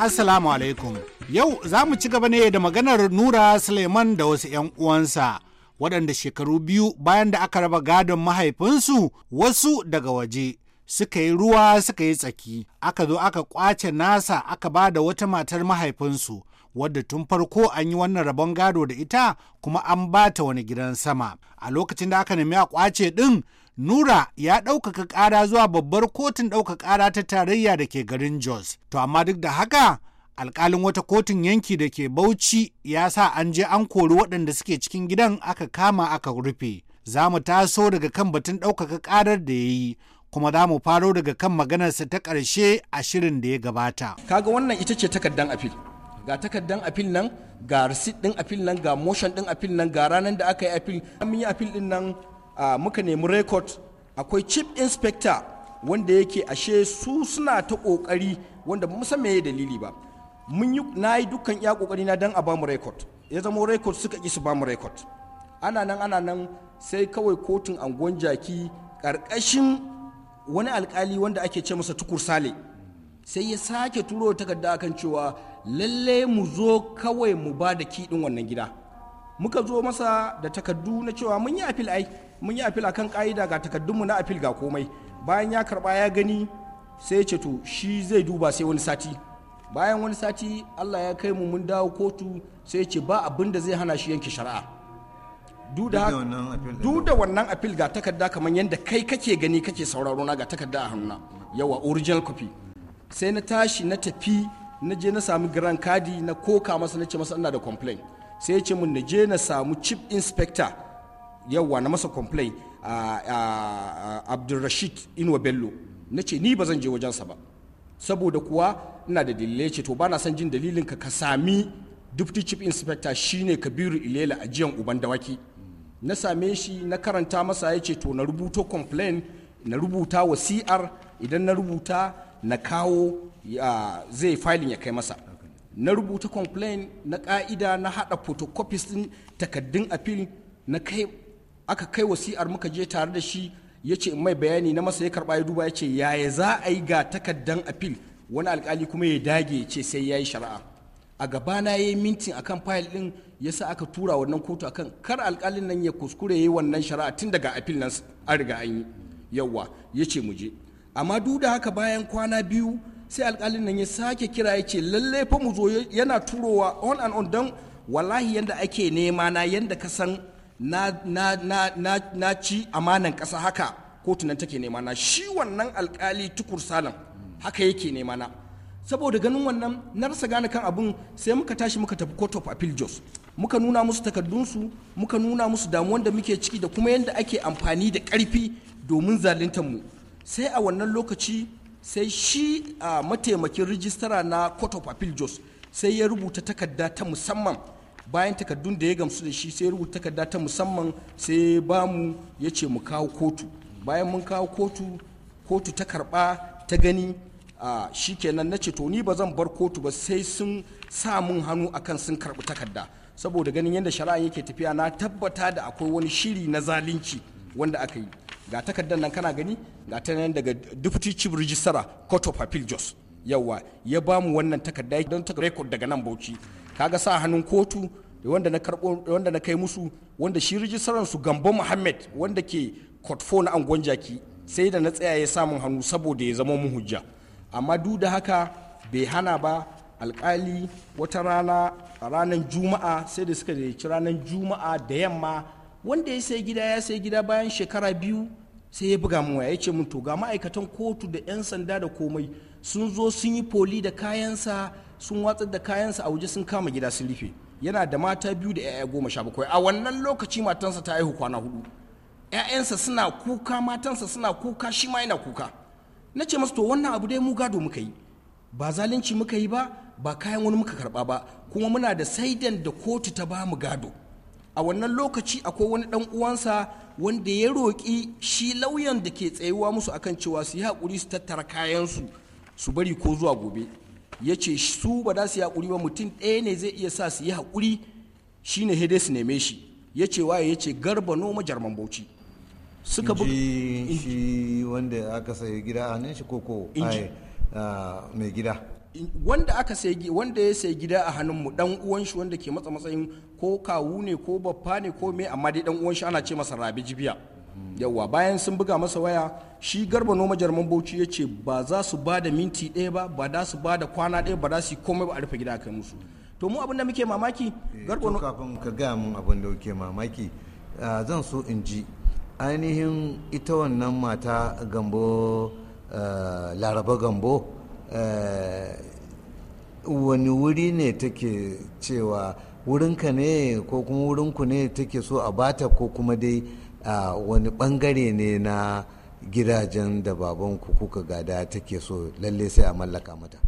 assalamu alaikum yau za mu ci gaba ne da maganar nura suleiman da wasu 'yan uwansa waɗanda shekaru biyu bayan da aka raba gadon mahaifinsu wasu daga waje suka yi ruwa suka yi tsaki aka zo aka kwace nasa aka ba da wata matar mahaifinsu wadda tun farko an yi wannan rabon gado da ita kuma an ba ta wani gidan sama a lokacin da aka nemi a kwace ɗin Nura ya ɗaukaka ƙara zuwa babbar kotun ɗaukaka ƙara ta tarayya da ke garin Jos. To amma duk da haka alƙalin wata kotun yanki da ke Bauchi ya sa an je an kori waɗanda suke cikin gidan aka kama aka rufe. Za mu taso daga kan batun ɗaukaka ƙarar da ya yi kuma za mu faro daga kan maganarsa ta ƙarshe a shirin da ya gabata. Kaga wannan ita ce takardar afil. ga takardan afil nan ga receipt ɗin afil nan ga motion ɗin afil nan ga ranar da aka yi afil. an yi afil ɗin nan Ah, muka nemi record akwai chief inspector wanda yake ashe su suna ta kokari wanda mu san meye dalili ba mun yi na yi dukkan iya kokari na dan a bamu record ya zama record suka ki su bamu record ana nan ana nan sai kawai kotun angon jaki karkashin wani alkali wanda ake ce masa tukur sale sai ya sake turo takarda akan cewa lalle mu zo kawai mu ba da kiɗin wannan gida muka zo masa da takardu na cewa mun yi apil ai mun yi apil akan ka'ida ga takaddunmu na apil ga komai bayan ya karba ya gani sai ce to shi zai duba sai wani sati bayan wani sati Allah ya kai mu mun dawo kotu sai ce ba abin da zai hana shi yanke shari'a duk da wannan apil ga takarda kamar yadda kai kake gani kake sauraro na ga takarda a hannuna yawa original copy sai na tashi na tafi na je na sami giran kadi na koka masa na ce masa ina da complain sai ya ce mun na je na samu chief inspector yawwa na masa complain a abdulrashid inuwa bello na ce ni ba zan je wajensa ba saboda kuwa ina da dalilai ce to ba na son jin dalilin ka ka sami deputy chief inspector shine kabiru ilela ajiyan uban dawaki na same shi na karanta masa ya ce to na rubuto complain na rubuta wa cr idan na rubuta na kawo zai filin ya kai masa na rubuta complain na ka'ida na hada photocopies din takaddun appeal na kai aka kai wasi'ar muka je tare da shi ya ce mai bayani na masa ya karba ya duba ya ce yaya za a yi ga takaddan apil wani alkali kuma ya dage ce sai ya yi shari'a a gabana ya yi mintin akan fayil din ya sa aka tura wannan kotu akan kar alkalin nan ya kuskure ya yi wannan shari'a tun daga apil nan an riga an yi yawwa ya ce mu je amma duk da haka bayan kwana biyu sai alkalin nan ya sake kira ya ce lallai fa mu zo yana turowa on and on don wallahi yanda ake nema na yanda ka san na ci amanan ƙasa haka kotu nan take nema na shi wannan alkali tukur salam haka yake nema na saboda ganin wannan na rasa gane kan abun sai muka tashi muka tafi court of appeal jos muka nuna musu takardunsu muka nuna musu damuwan da muke ciki da kuma yadda ake amfani da karfi domin zaluntar mu sai a wannan lokaci sai shi a ah, mataimakin rijistara na court of appeal jos sai ya rubuta takarda ta musamman bayan takardun da ya gamsu da shi sai rubuta takarda ta musamman sai ba mu ya ce mu kawo kotu bayan mun kawo kotu kotu ta karba ta gani a kenan na ce to ni ba zan bar kotu ba sai sun sa mun hannu akan sun karbi takarda saboda ganin yadda shari'a yake tafiya na tabbata da akwai wani shiri na zalunci wanda aka yi ga takardar nan kana gani ga ta nan daga deputy chief registrar court of appeal jos yawa ya bamu wannan takarda don ta record daga nan bauchi kaga sa hannun kotu wanda na karbo wanda na kai musu wanda shi rijistar su gambo muhammad wanda ke kotfo na angon jaki sai da na tsaya ya samun hannu saboda ya zama mu hujja amma duk da haka bai hana ba alkali wata rana ranar juma'a sai da suka ziyarci ranar juma'a da yamma wanda ya sai gida ya sai gida bayan shekara biyu sai ya buga waya ya ce mun to ga ma'aikatan kotu da 'yan sanda da komai sun zo sun yi foli da kayansa sun watsar da kayansa a waje sun kama gida sun rufe yana da mata biyu da 'ya'ya goma sha bakwai a wannan lokaci matansa ta haihu kwana hudu 'ya'yansa suna kuka matansa suna kuka shi ma yana kuka na ce masu to wannan abu dai mu gado muka yi ba zalunci muka yi ba ba kayan wani muka karba ba kuma muna da saidan da kotu ta ba mu gado a wannan lokaci akwai wani dan uwansa wanda ya roƙi shi lauyan da ke tsayuwa musu akan cewa su yi haƙuri su tattara kayansu su bari ko zuwa gobe ya ce su ba za su yi hakuri ba mutum ɗaya ne zai iya sa su yi haƙuri shi ne hede su neme shi ya ce waye ya ce garba noma jarman bauchi suka bu shi wanda aka sayi gida a hannun shi koko mai gida wanda aka sayi wanda ya sayi gida a hannun mu dan uwan shi wanda ke matsa matsayin ko kawu ne ko baffa ne ko me amma dai dan uwan shi ana ce masa rabi jibiya yawwa bayan sun buga masa waya shi garba noma jarman bauchi ya ce ba za su ba da minti ɗaya ba ba za su ba da kwana ɗaya ba za su yi komai ba a rufe gida kai musu to mu abin da muke mamaki eh, garba noma kafin ka gaya mun abin da muke mamaki zan so in ji ainihin ita wannan mata gambo laraba gambo wani wuri ne take cewa wurinka ne ko kuma wurinku ne take so a bata ko kuma dai a wani bangare ne na gidajen da babanku kuka gada take so lalle sai a mallaka mata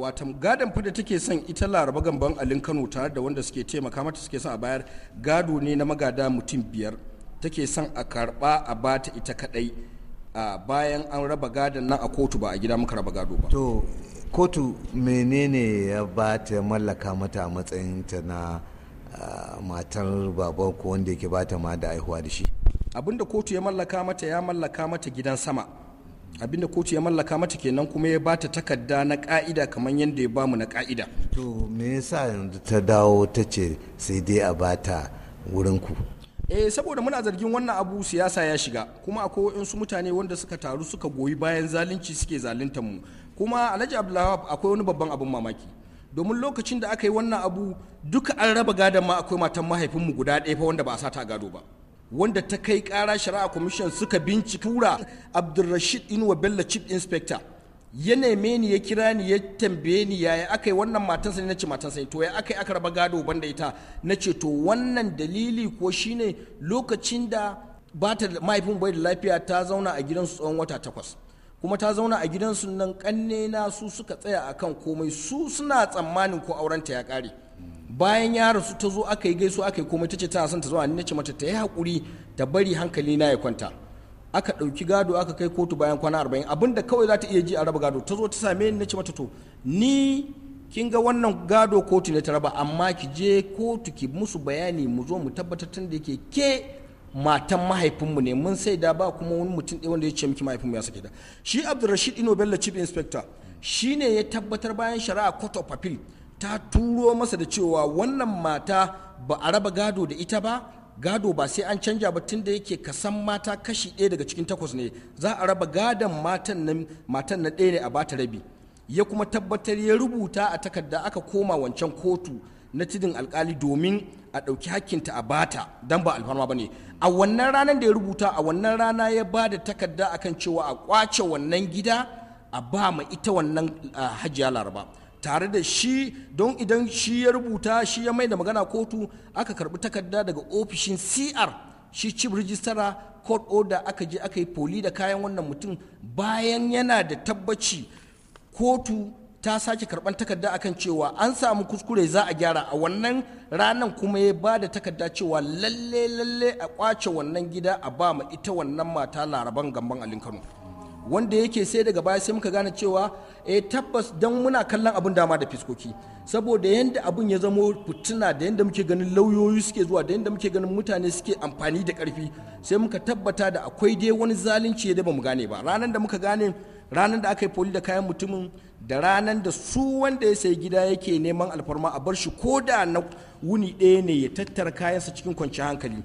wata gadon fa da take son ita laraba gamban alin kano tare da wanda suke taimaka mata suke son a bayar gado ne na magada mutum biyar take son a karba a bata ita kadai bayan an raba gadon nan a kotu ba a gida muka raba gado ba to kotu menene ya ba ta mallaka mata matsayin ta na matar babanku wanda yake ba ta ma da aihuwa da shi abinda kotu ya mallaka mata ya mallaka mata gidan sama abinda kotu ya mallaka mata kenan kuma ya bata takarda na ka'ida kamar yadda ya bamu na ka'ida to me yasa yanzu ta dawo ta ce sai dai a bata wurin ku eh saboda muna zargin wannan abu siyasa ya shiga kuma akwai waɗansu mutane wanda suka taru suka goyi bayan zalunci suke zaluntar mu kuma alhaji abdullahi akwai wani babban abin mamaki domin lokacin da aka yi wannan abu duka an raba gadon ma akwai matan mahaifinmu guda ɗaya fa wanda ba a sata gado ba wanda ta kai kara shari'a commission suka bincika abdulrashid inuwa bello chief inspector ya neme ni ya kira ni ya tambaye ni yaya aka yi wannan matansa ne na ce matansa ne to ya aka yi aka raba gado banda ita na ce to wannan dalili ko shine lokacin da ba ta mahaifin bai da lafiya ta zauna a gidansu tsawon wata takwas kuma ta zauna a gidansu nan kanne na su suka tsaya akan komai su suna tsammanin ko aurenta ya kare bayan ya rasu ta zo aka yi gaisu aka yi komai ta ce tana son ta zo ni nace mata ta yi hakuri ta bari hankali na ya kwanta aka ɗauki gado aka kai kotu bayan kwana arba'in abinda kawai za ta iya ji a raba gado ta zo ta same ni nace mata to ni kin ga wannan gado kotu ne ta raba amma ki je kotu ki musu bayani mu zo mu tabbatar tun da yake ke matan mahaifinmu ne mun sai da ba kuma wani mutum ɗaya wanda ya ce miki mahaifinmu ya sake da shi abdulrashid ino bello chief inspector shine ya tabbatar bayan shari'a court of appeal ta turo masa da cewa wannan mata ba a raba gado da ita ba gado ba sai an canja ba tun da yake kasan mata kashi ɗaya daga cikin takwas ne za a raba gadon matan nan matan na ɗaya ne a bata rabi ya kuma tabbatar ya rubuta a takarda aka koma wancan kotu na tidin alkali domin a ɗauki hakkinta a bata don ba alfarma ba ne a wannan ranar da ya rubuta a wannan rana ya ba da takarda akan cewa a kwace wannan gida a ba ma ita wannan ah, hajiya laraba tare da shi don idan shi ya rubuta shi ya mai da magana kotu aka karbi takarda daga ofishin cr shi chief registrar court order aka je aka yi poli da kayan wannan mutum bayan yana da tabbaci kotu ta sake karban takarda akan cewa an samu kuskure za a gyara a wannan ranan kuma ya ba da takarda cewa lalle lalle a kwace wannan gida a ba ma ita wannan mata laraban gamban alin kano wanda yake sai daga baya sai muka gane cewa eh tabbas dan muna kallon abun dama da fiskoki saboda yanda abun ya zamo fitina da yanda muke ganin lauyoyi suke zuwa da yanda muke ganin mutane suke amfani da karfi sai muka tabbata da akwai dai wani zalunci da bamu gane ba ranar da muka gane ranar da aka yi foli da kayan mutumin da ranan da su wanda ya sayi gida yake neman alfarma a bar shi ko da na wuni ɗaya ne ya tattara kayansa cikin kwanci hankali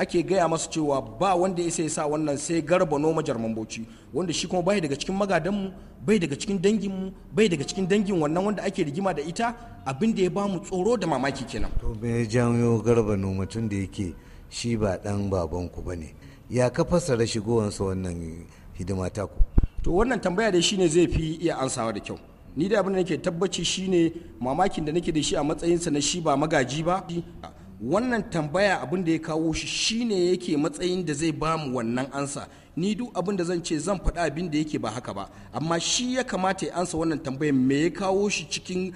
ake gaya masu cewa ba wanda ya sa wannan sai garba noma jarman bauchi wanda shi kuma bai daga cikin magadanmu bai daga cikin danginmu bai daga cikin dangin wannan wanda ake rigima da ita abin da ya mu tsoro da mamaki kenan to me janyo garba noma tun da yake shi ba dan babanku bane ya ka fassara shigowansa wannan hidima ku. to wannan tambaya da shine zai fi iya ansawa da kyau ni da abin da nake tabbaci shine mamakin da nake da shi a matsayin sa na shi ba magaji ba wannan tambaya abin da ya kawo shi shine yake matsayin da zai bamu wannan ansa ni duk abin da zan ce zan faɗa abin da yake ba haka ba amma shi ya kamata ya ansa wannan tambayar me ya kawo shi cikin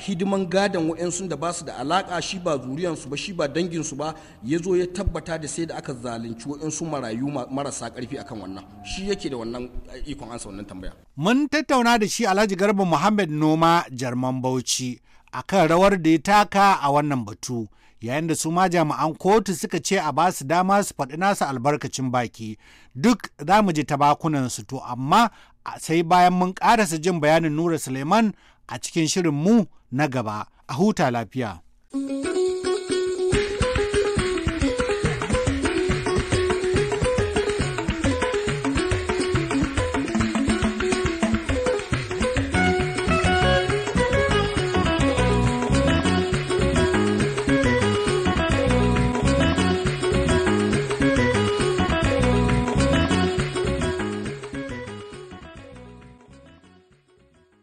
hidiman gadon waɗansu da ba su da alaka shi ba zuriyansu ba shi ba danginsu ba ya zo ya tabbata da sai da aka zalunci waɗansu marayu marasa ƙarfi akan wannan shi yake da wannan ikon ansa wannan tambaya. mun tattauna da shi alhaji garba muhammad noma jarman bauchi akan rawar da ya taka a wannan batu. yayin da su ma jami'an kotu suka ce a ba su dama su faɗi nasu albarkacin baki duk za mu ji bakunansu to amma sai bayan mun ƙarasa jin bayanin nura suleiman a cikin shirin mu na gaba a huta lafiya.